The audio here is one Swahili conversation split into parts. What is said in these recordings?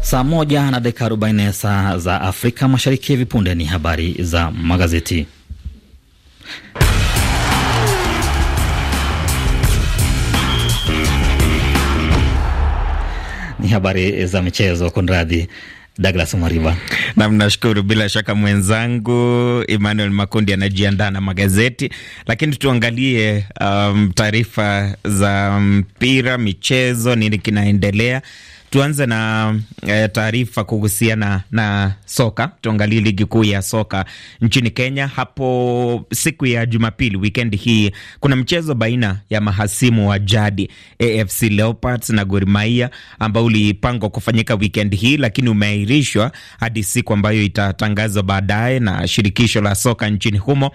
Saa moja na dakika arobaini saa za Afrika Mashariki. Hivi punde ni habari za magazeti. Ni habari za michezo. Konradi Douglas Mariba. Nam, nashukuru bila shaka mwenzangu Emmanuel Makundi anajiandaa na magazeti, lakini tuangalie um, taarifa za mpira, michezo, nini kinaendelea. Tuanze na e, taarifa kuhusiana na soka. Tuangalie ligi kuu ya soka nchini Kenya. Hapo siku ya Jumapili, wikendi hii, kuna mchezo baina ya mahasimu wa jadi AFC Leopards na Gor Mahia ambao ulipangwa kufanyika wikendi hii, lakini umeahirishwa hadi siku ambayo itatangazwa baadaye na shirikisho la soka nchini humo.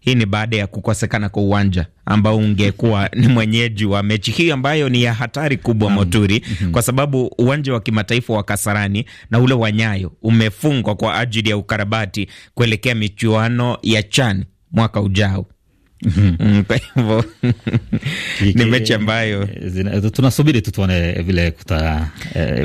Hii ni baada ya kukosekana kwa uwanja ambao ungekuwa ni mwenyeji wa mechi hii ambayo ni ya hatari kubwa Moturi, mm -hmm. kwa sababu uwanja wa kimataifa wa Kasarani na ule wa Nyayo umefungwa kwa ajili ya ukarabati kuelekea michuano ya CHAN mwaka ujao. Mm-hmm. Kwa hivyo ni mechi ambayo tunasubiri tu tuone vile e,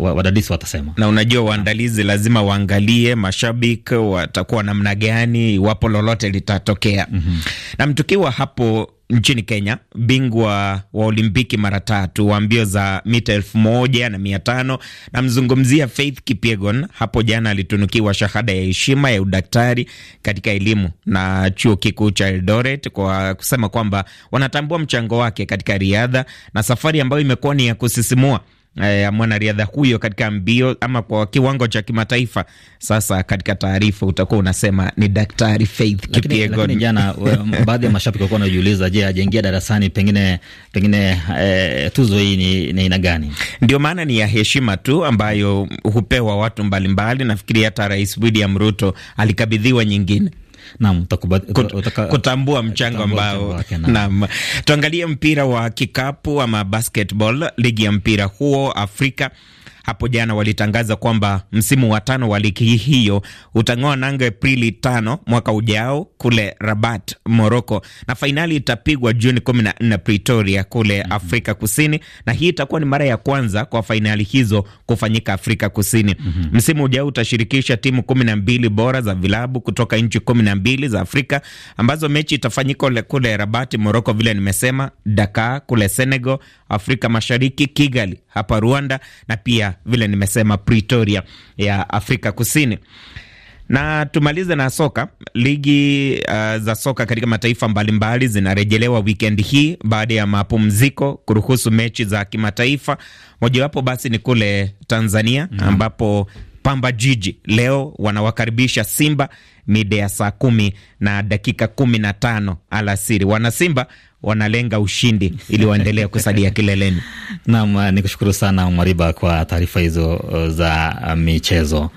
wadadisi watasema, na unajua waandalizi lazima waangalie mashabiki watakuwa namna gani iwapo lolote litatokea. mm -hmm. Na mtukiwa hapo nchini Kenya, bingwa wa Olimpiki mara tatu wa mbio za mita elfu moja na mia tano. Namzungumzia Faith Kipyegon. Hapo jana alitunukiwa shahada ya heshima ya udaktari katika elimu na chuo kikuu cha Eldoret kwa kusema kwamba wanatambua mchango wake katika riadha na safari ambayo imekuwa ni ya kusisimua ya eh, mwanariadha huyo katika mbio ama kwa kiwango cha kimataifa. Sasa katika taarifa utakuwa unasema ni Daktari Faith Kipyegon. Jana baadhi ya mashabiki walikuwa wanajiuliza, je, ajaingia darasani pengine, pengine eh, tuzo hii ni, ni aina gani? Ndio maana ni ya heshima tu ambayo hupewa watu mbalimbali. Nafikiri hata Rais William Ruto alikabidhiwa nyingine nam kutambua mchango ambao nam. Tuangalie mpira wa kikapu ama basketball, ligi ya mpira huo Afrika hapo jana walitangaza kwamba msimu wa tano wa ligi hiyo utang'oa nanga Aprili tano mwaka ujao kule Rabat, Moroko, na fainali itapigwa Juni kumi na nne Pretoria kule mm -hmm. Afrika Kusini, na hii itakuwa ni mara ya kwanza kwa fainali hizo kufanyika Afrika Kusini. mm -hmm. Msimu ujao utashirikisha timu kumi na mbili bora za vilabu kutoka nchi kumi na mbili za Afrika ambazo mechi itafanyika kule Rabat, Moroko, vile nimesema, Dakar kule Senegal, Afrika Mashariki, Kigali hapa Rwanda, na pia vile nimesema Pretoria ya Afrika Kusini. Na tumalize na soka. Ligi uh, za soka katika mataifa mbalimbali zinarejelewa wkend hii baada ya mapumziko kuruhusu mechi za kimataifa. Mojawapo basi ni kule Tanzania mm -hmm. ambapo Pamba Jiji leo wanawakaribisha Simba mida ya saa kumi na dakika kumi na tano alasiri. Wanasimba wanalenga ushindi ili waendelee kusalia kileleni. Naam, ni kushukuru sana Mwariba kwa taarifa hizo uh, za uh, michezo.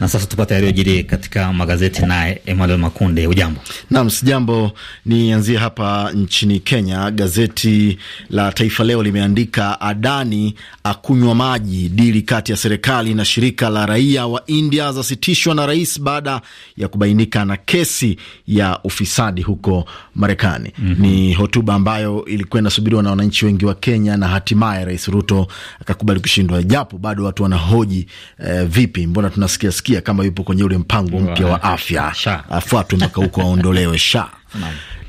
Na sasa tupate yaliyojiri katika magazeti, naye Emmanuel Makunde. Ujambo? Naam, sijambo. Nianzie hapa nchini Kenya. Gazeti la Taifa Leo limeandika Adani akunywa maji, dili kati ya serikali na shirika la raia wa India zasitishwa na rais baada ya kubainika na kesi ya ufisadi huko Marekani. mm -hmm. Ni hotuba ambayo ilikuwa inasubiriwa na wananchi wengi wa Kenya na hatimaye Rais Ruto akakubali kushindwa, japo bado watu wanahoji eh, vipi, mbona tunasikia sikia kama yupo kwenye ule mpango mpya wa afya afuatwe mpaka huko aondolewe sha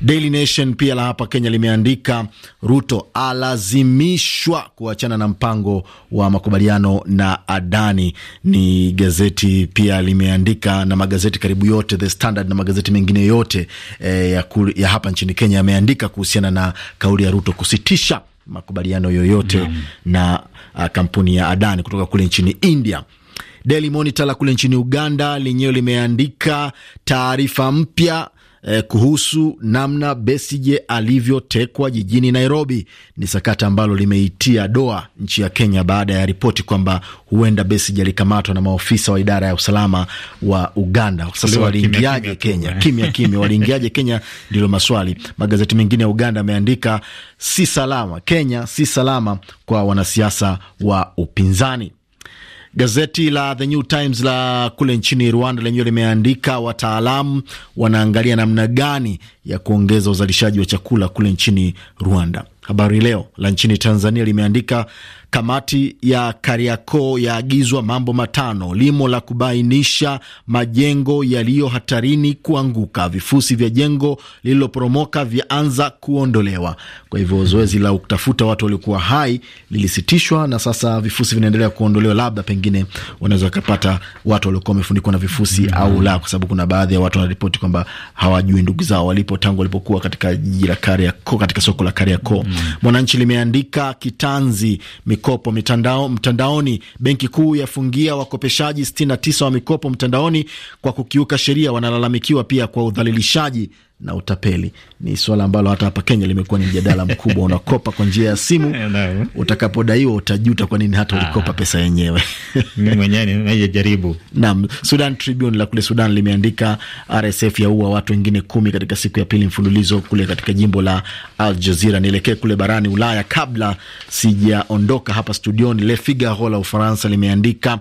Daily Nation pia la hapa Kenya limeandika Ruto alazimishwa kuachana na mpango wa makubaliano na Adani. Ni gazeti pia limeandika, na magazeti karibu yote The Standard na magazeti mengine yote eh, ya, ku, ya hapa nchini Kenya yameandika kuhusiana na kauli ya Ruto kusitisha makubaliano yoyote mm, na uh, kampuni ya Adani kutoka kule nchini India. Daily Monitor la kule nchini Uganda lenyewe limeandika taarifa mpya eh, kuhusu namna besije alivyotekwa jijini Nairobi. Ni sakata ambalo limeitia doa nchi ya Kenya baada ya ripoti kwamba huenda besije alikamatwa na maofisa wa idara ya usalama wa Uganda. Sasa waliingiaje Kenya? Eh. Kimya kimya, waliingiaje Kenya? Ndilo maswali. Magazeti mengine ya Uganda ameandika si salama Kenya, si salama kwa wanasiasa wa upinzani. Gazeti la The New Times la kule nchini Rwanda lenyewe limeandika wataalamu wanaangalia namna gani ya kuongeza uzalishaji wa chakula kule nchini Rwanda. Habari Leo la nchini Tanzania limeandika kamati ya Kariakoo yaagizwa mambo matano, limo la kubainisha majengo yaliyo hatarini kuanguka, vifusi vya jengo lililoporomoka vyaanza kuondolewa. Kwa hivyo zoezi la kutafuta watu waliokuwa hai lilisitishwa na sasa vifusi vinaendelea kuondolewa, labda pengine wanaweza wakapata watu waliokuwa wamefunikwa na vifusi mm -hmm. au la, kwa sababu kuna baadhi ya watu wanaripoti kwamba hawajui ndugu zao walipo tangu walipokuwa katika jiji la Kariakoo, katika soko la Kariakoo Mm. Mwananchi limeandika kitanzi mikopo mitandao, mtandaoni. Benki Kuu yafungia wakopeshaji 69 wa mikopo mtandaoni kwa kukiuka sheria, wanalalamikiwa pia kwa udhalilishaji na utapeli ni swala ambalo hata hapa Kenya limekuwa ni mjadala mkubwa. Unakopa kwa njia ya simu, utakapodaiwa utajuta kwa nini hata ulikopa ah. pesa yenyewe. Mimi mwenyewe nimejaribu. Naam, Sudan Tribune la kule Sudan limeandika RSF yaua watu wengine kumi katika siku ya pili mfululizo kule katika jimbo la Al Jazira. Nielekee kule barani Ulaya kabla sijaondoka hapa studioni. Le Figaro la Ufaransa limeandika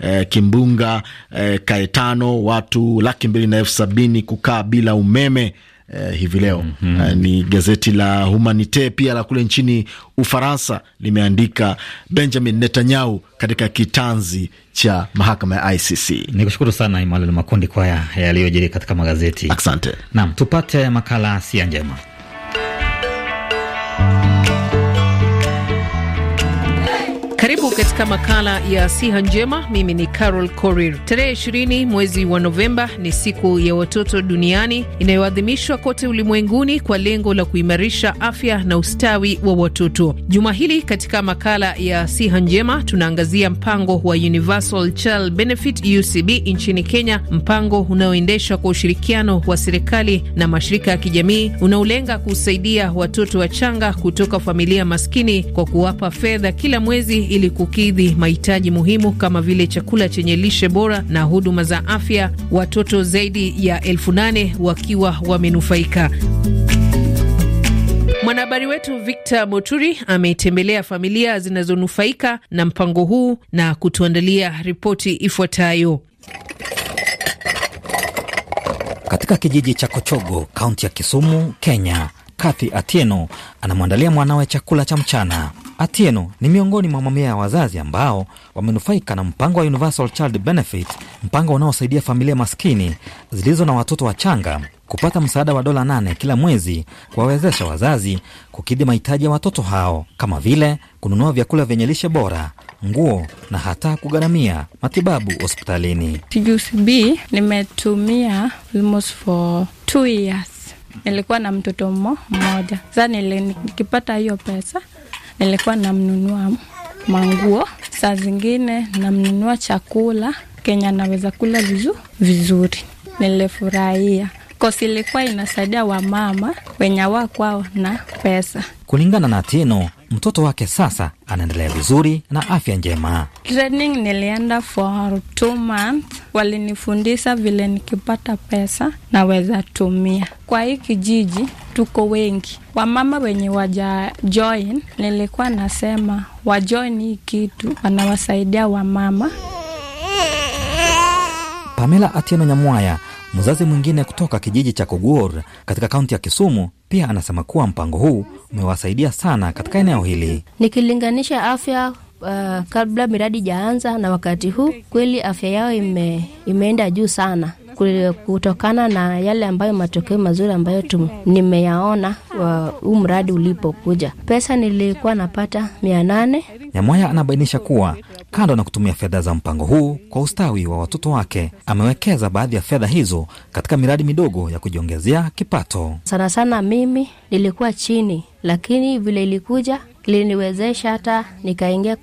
eh, kimbunga eh, Kaetano, watu laki mbili na elfu sabini kukaa bila umeme eh, hivi leo mm -hmm. Ni gazeti la Humanite pia la kule nchini Ufaransa limeandika Benjamin Netanyahu katika kitanzi cha mahakama ya ICC. ni kushukuru sana Imanuel Makundi kwa yaliyojiri katika magazeti. Asante. nam, tupate makala sia njema karibu katika makala ya siha njema. Mimi ni Carol Korir. Tarehe ishirini mwezi wa Novemba ni siku ya watoto duniani inayoadhimishwa kote ulimwenguni kwa lengo la kuimarisha afya na ustawi wa watoto. Juma hili katika makala ya siha njema tunaangazia mpango wa Universal Child Benefit UCB nchini Kenya, mpango unaoendeshwa kwa ushirikiano wa serikali na mashirika ya kijamii unaolenga kusaidia watoto wachanga kutoka familia maskini kwa kuwapa fedha kila mwezi ili kukidhi mahitaji muhimu kama vile chakula chenye lishe bora na huduma za afya, watoto zaidi ya elfu nane wakiwa wamenufaika. Mwanahabari wetu Victor Moturi ametembelea familia zinazonufaika na mpango huu na kutuandalia ripoti ifuatayo. Katika kijiji cha Kochogo, kaunti ya Kisumu, Kenya, Kathy Atieno anamwandalia mwanawe chakula cha mchana. Atieno ni miongoni mwa mamia ya wazazi ambao wamenufaika na mpango wa Universal Child Benefit, mpango unaosaidia familia maskini zilizo na watoto wachanga kupata msaada wa dola nane kila mwezi kuwawezesha wazazi kukidhi mahitaji ya watoto hao kama vile kununua vyakula vyenye lishe bora, nguo na hata kugharamia matibabu hospitalini. TUCB nimetumia almost for two years nilikuwa na mtoto mmo mmoja. Sasa nikipata hiyo pesa nilikuwa namnunua manguo, saa zingine namnunua chakula Kenya naweza kula vizu, vizuri. Nilifurahia kosi ilikuwa inasaidia wamama wenye wakwao na pesa. Kulingana na Tino, mtoto wake sasa anaendelea vizuri na afya njema. Training nilienda for two months, walinifundisha vile nikipata pesa naweza tumia. Kwa hii kijiji tuko wengi wamama wenye waja join, nilikuwa nasema wajoin hii kitu, wanawasaidia wamama. Pamela Atieno Nyamwaya Mzazi mwingine kutoka kijiji cha Koguor katika kaunti ya Kisumu pia anasema kuwa mpango huu umewasaidia sana katika eneo hili. Nikilinganisha afya uh, kabla miradi jaanza na wakati huu, kweli afya yao ime, imeenda juu sana kutokana na yale ambayo matokeo mazuri ambayo tum, nimeyaona huu mradi ulipokuja. Pesa nilikuwa napata mia nane. Nyamwaya anabainisha kuwa kando na kutumia fedha za mpango huu kwa ustawi wa watoto wake, amewekeza baadhi ya fedha hizo katika miradi midogo ya kujiongezea kipato. Sana sana mimi nilikuwa chini, lakini vile ilikuja liniwezesha hata nikaingia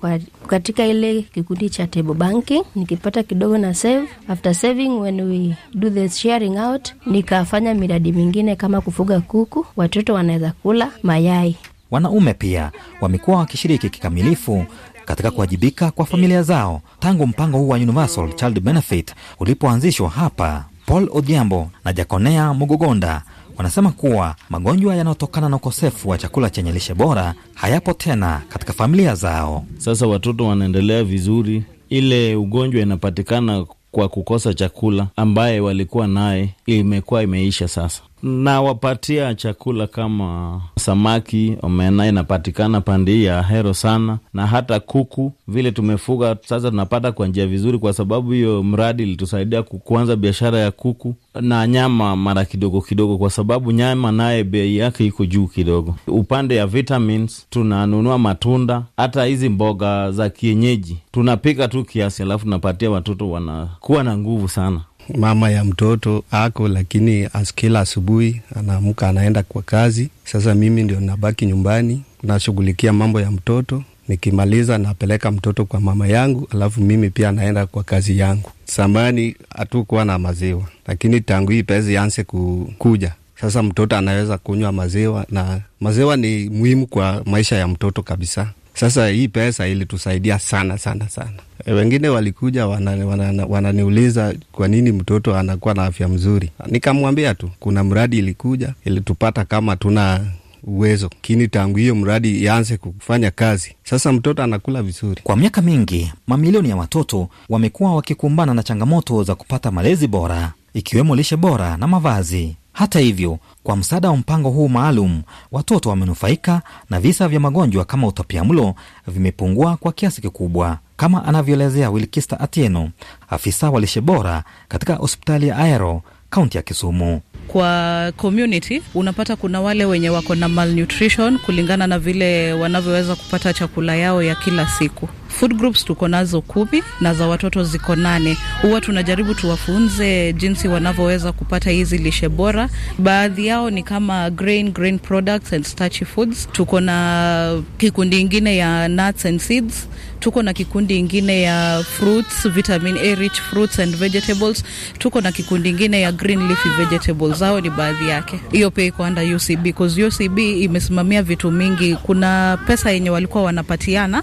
katika ile kikundi cha table banking, nikipata kidogo na save. After saving when we do the sharing out, nikafanya miradi mingine kama kufuga kuku, watoto wanaweza kula mayai. Wanaume pia wamekuwa wakishiriki kikamilifu katika kuwajibika kwa familia zao tangu mpango huu wa Universal Child Benefit ulipoanzishwa hapa. Paul Odhiambo na Jaconea Mugogonda wanasema kuwa magonjwa yanayotokana na ukosefu wa chakula chenye lishe bora hayapo tena katika familia zao. Sasa watoto wanaendelea vizuri, ile ugonjwa inapatikana kwa kukosa chakula ambaye walikuwa naye imekuwa imeisha. Sasa nawapatia chakula kama samaki, omena inapatikana pande hii ya Hero sana, na hata kuku vile tumefuga sasa tunapata kwa njia vizuri, kwa sababu hiyo mradi ilitusaidia kuanza biashara ya kuku na nyama mara kidogo kidogo, kwa sababu nyama naye bei yake iko juu kidogo. Upande ya vitamins tunanunua matunda, hata hizi mboga za kienyeji tunapika tu kiasi, alafu tunapatia watoto, wanakuwa na nguvu sana mama ya mtoto ako, lakini askila asubuhi anaamka anaenda kwa kazi. Sasa mimi ndio nabaki nyumbani, nashughulikia mambo ya mtoto. Nikimaliza napeleka mtoto kwa mama yangu, alafu mimi pia naenda kwa kazi yangu. Samani hatukuwa na maziwa, lakini tangu hii pezi anse kukuja sasa mtoto anaweza kunywa maziwa, na maziwa ni muhimu kwa maisha ya mtoto kabisa. Sasa hii pesa ilitusaidia sana sana sana. Eh, wengine walikuja wananiuliza wana, wana kwa nini mtoto anakuwa na afya mzuri. Nikamwambia tu kuna mradi ilikuja ilitupata kama tuna uwezo lakini tangu hiyo mradi ianze kufanya kazi, sasa mtoto anakula vizuri. Kwa miaka mingi, mamilioni ya watoto wamekuwa wakikumbana na changamoto za kupata malezi bora, ikiwemo lishe bora na mavazi. Hata hivyo, kwa msaada wa mpango huu maalum, watoto wamenufaika na visa vya magonjwa kama utapiamlo vimepungua kwa kiasi kikubwa, kama anavyoelezea Wilkista Atieno, afisa wa lishe bora katika hospitali ya Aero kaunti ya Kisumu. Kwa community unapata kuna wale wenye wako na malnutrition kulingana na vile wanavyoweza kupata chakula yao ya kila siku Food groups tuko nazo kumi na za watoto ziko nane. Huwa tunajaribu tuwafunze jinsi wanavyoweza kupata hizi lishe bora. Baadhi yao ni kama grain, grain products and starchy foods. Tuko na kikundi ingine ya nuts and seeds. Tuko na kikundi ingine ya fruits, vitamin A rich fruits and vegetables. Tuko na kikundi ingine ya green leafy vegetables. Hao ni baadhi yake. Hiyo pia iko under UCB because UCB imesimamia vitu mingi. Kuna pesa yenye walikuwa wanapatiana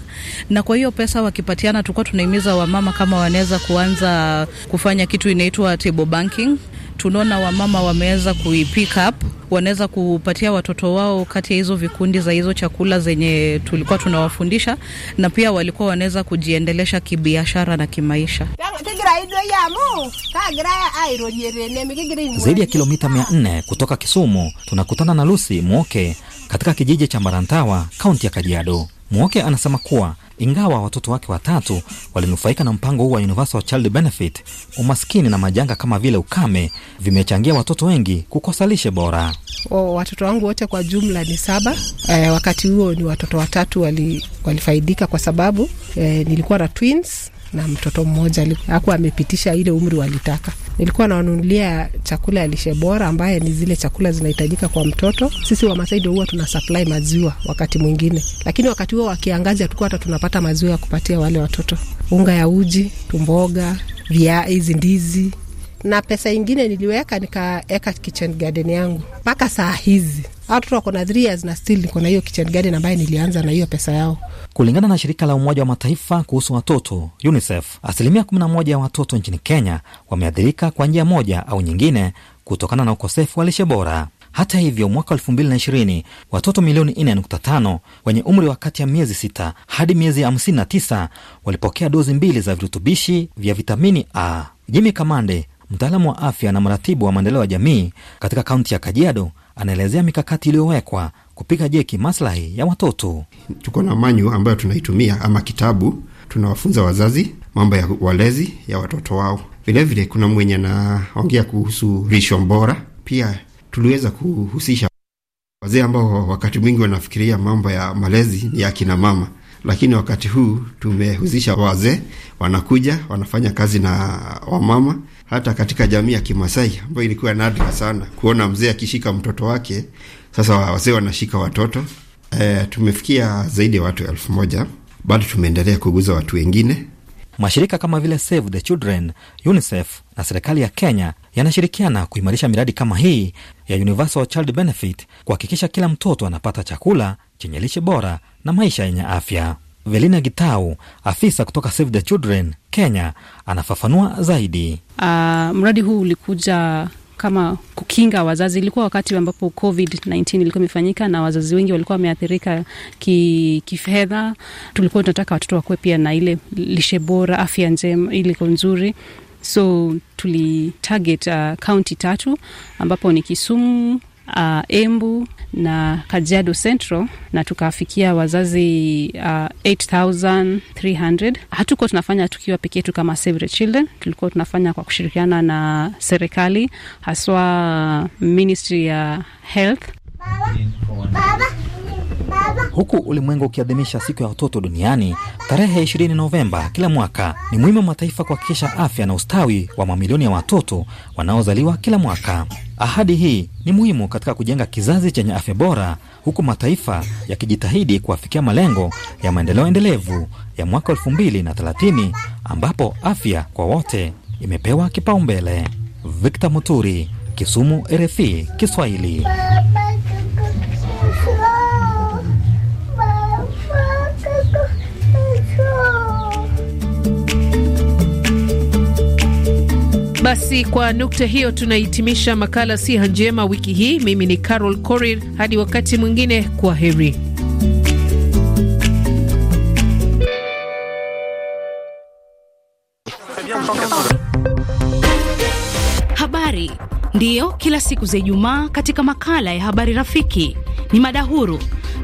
na kwa hiyo pesa wakipatiana, tulikuwa tunahimiza wamama kama wanaweza kuanza kufanya kitu inaitwa table banking. Tunaona wamama wameweza kuipick up, wanaweza kupatia watoto wao kati ya hizo vikundi za hizo chakula zenye tulikuwa tunawafundisha, na pia walikuwa wanaweza kujiendelesha kibiashara na kimaisha. Zaidi ya kilomita mia nne kutoka Kisumu tunakutana na Lucy Mwoke katika kijiji cha marantawa kaunti ya Kajiado. Mwoke anasema kuwa ingawa watoto wake watatu walinufaika na mpango huu wa Universal Child Benefit, umaskini na majanga kama vile ukame vimechangia watoto wengi kukosa lishe bora. O, watoto wangu wote kwa jumla ni saba. E, wakati huo ni watoto watatu wali, walifaidika kwa sababu e, nilikuwa na twins na mtoto mmoja hakuwa amepitisha ile umri walitaka nilikuwa nawanunulia chakula ya lishe bora ambaye ni zile chakula zinahitajika kwa mtoto. Sisi Wamasai ndio huwa tuna supply maziwa wakati mwingine, lakini wakati huo wakiangazi hatukuwa hata tunapata maziwa ya kupatia wale watoto, unga ya uji, tumboga, hizi ndizi na pesa ingine niliweka, nikaeka kitchen garden yangu mpaka saa hizi watoto wako na years na still niko na hiyo kitchen garden ambayo nilianza na hiyo pesa yao. Kulingana na shirika la Umoja wa Mataifa kuhusu watoto UNICEF, asilimia 11 ya watoto nchini Kenya wameathirika kwa njia moja au nyingine kutokana na ukosefu wa lishe bora. Hata hivyo mwaka elfu watoto milioni 4.5 wenye umri wa kati ya miezi 6 hadi miezi 59 walipokea dozi mbili za virutubishi vya vitamini A. Jimi Kamande, mtaalamu wa afya na mratibu wa maendeleo ya jamii katika kaunti ya Kajiado, anaelezea mikakati iliyowekwa kupiga jeki maslahi ya watoto. Tuko na manyu ambayo tunaitumia ama kitabu, tunawafunza wazazi mambo ya walezi ya watoto wao. Vilevile kuna mwenye anaongea kuhusu risho bora. Pia tuliweza kuhusisha wazee ambao wakati mwingi wanafikiria mambo ya malezi ni ya kina mama, lakini wakati huu tumehusisha wazee, wanakuja wanafanya kazi na wamama hata katika jamii ya Kimasai ambayo ilikuwa nadra sana kuona mzee akishika mtoto wake. Sasa wazee wanashika watoto e, tumefikia zaidi ya watu elfu moja. Bado tumeendelea kuguza watu wengine. Mashirika kama vile Save the Children, UNICEF na serikali ya Kenya yanashirikiana kuimarisha miradi kama hii ya Universal Child Benefit kuhakikisha kila mtoto anapata chakula chenye lishe bora na maisha yenye afya. Velina Gitau, afisa kutoka Save the Children Kenya, anafafanua zaidi. Uh, mradi huu ulikuja kama kukinga wazazi. Ilikuwa wakati ambapo COVID-19 ilikuwa imefanyika na wazazi wengi walikuwa wameathirika ki, kifedha. Tulikuwa tunataka watoto wakuwe pia na ile lishe bora, afya njema, iliko nzuri so tuli target uh, ah, kaunti tatu ambapo ni Kisumu, uh, Embu na Kajiado Central na tukafikia wazazi uh, 8300. Hatukuwa tunafanya tukiwa peke yetu kama Save the Children, tulikuwa tunafanya kwa kushirikiana na serikali haswa Ministry ya Health. Baba, Baba. Huku ulimwengu ukiadhimisha siku ya watoto duniani tarehe 20 Novemba kila mwaka, ni muhimu mataifa kuhakikisha afya na ustawi wa mamilioni ya watoto wanaozaliwa kila mwaka. Ahadi hii ni muhimu katika kujenga kizazi chenye afya bora, huku mataifa yakijitahidi kuafikia malengo ya maendeleo endelevu ya mwaka 2030 ambapo afya kwa wote imepewa kipaumbele. Victor Muturi, Kisumu, RFI Kiswahili. Basi kwa nukta hiyo tunahitimisha makala siha njema wiki hii. Mimi ni Carol Korir, hadi wakati mwingine, kwa heri. Habari ndiyo kila siku za Ijumaa katika makala ya habari rafiki, ni mada huru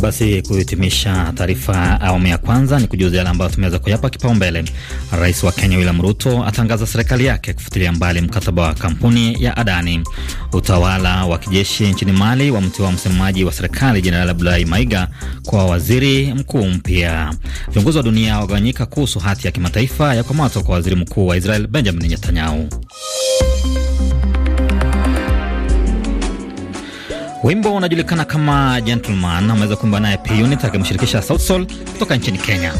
Basi kuhitimisha taarifa awamu ya kwanza ni kujuza yale ambayo tumeweza kuyapa kipaumbele. Rais wa Kenya William Ruto atangaza serikali yake kufutilia mbali mkataba wa kampuni ya Adani. Utawala wa kijeshi nchini Mali wamteua msemaji wa serikali Jenerali Abdulahi Maiga kwa waziri mkuu mpya. Viongozi wa dunia wagawanyika kuhusu hati ya kimataifa ya kukamatwa kwa waziri mkuu wa Israel Benjamin Netanyahu. Wimbo unajulikana kama Gentleman, ameweza kuimba naye punit akimshirikisha South Sol kutoka nchini Kenya.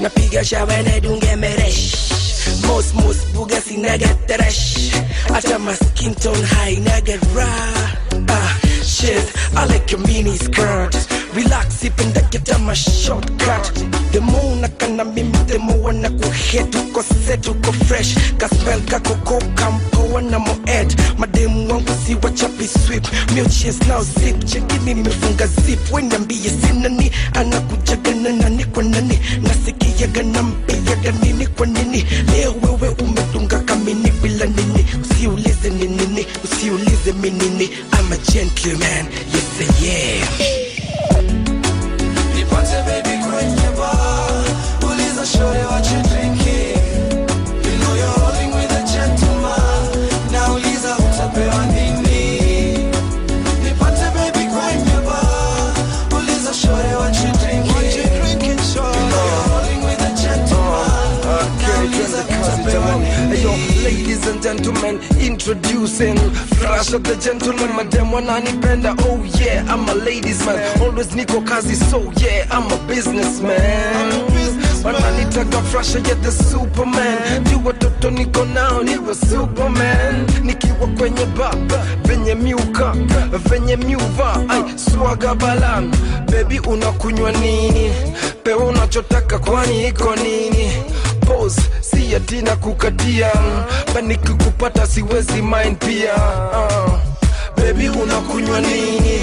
napiga na dunge meresh mos mos buga sinaga ah shit. I like your mini skirt. Relax get kita my shortcut. The moon, Demo nakana mimi go wana kuhit. go set go fresh. Kaspel kako ko kampoa na mo ed. see what si wachapi sweep. Mio chase now zip. check me nimefunga zip. When be a We niambie sina ni anakujaga na nani kwa nani. Nasikiaga nampiaga nini kwa nini. Leo wewe umetunga kamini bila nini. ulize ni nini, ulize mi nini I'm a gentleman, yes I am. gentlemen introducing Flash of the gentleman, madam wananipenda Oh yeah, I'm a ladies man Always niko kazi so yeah, I'm a businessman wananitaka frasha ya the superman juu watoto niko nao niwe superman nikiwa kwenye baba venye miuka venye miuva ai swaga balan baby unakunywa nini pewa unachotaka kwani iko nini pose si atina kukatia baniki kupata siwezi mind pia uh. Baby unakunywa nini?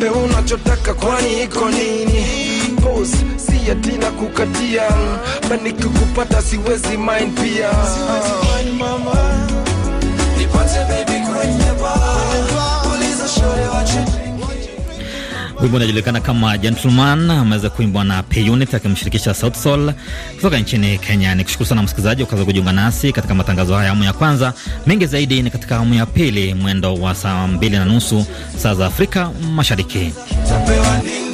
pe unachotaka kwani iko nini? Pose si atina kukatia baniki kupata siwezi mind pia uh. baby kwenye bar, uliza shore wache Wimbo unajulikana kama Gentleman, ameweza kuimbwa na P akimshirikisha southsol kutoka nchini Kenya. Ni kushukuru sana msikilizaji ukaza kujiunga nasi katika matangazo haya awamu ya kwanza. Mengi zaidi ni katika awamu ya pili mwendo wa saa mbili na nusu saa za Afrika Mashariki.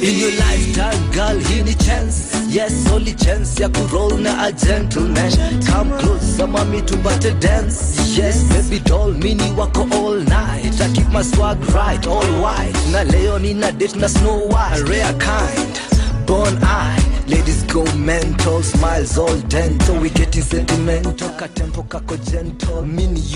In your lifetime, girl, here ni chance, yes, only chance ya kuroll na a gentleman. Come close, closer, mami, tumbate dance, yes, baby doll, mini wako all night. I keep my swag right, all white. Na leo nina date na Snow White, rare kind, born eye. Ladies go mental, smiles all dental. We getting sentimental, ka tempo kako gentle, mini you.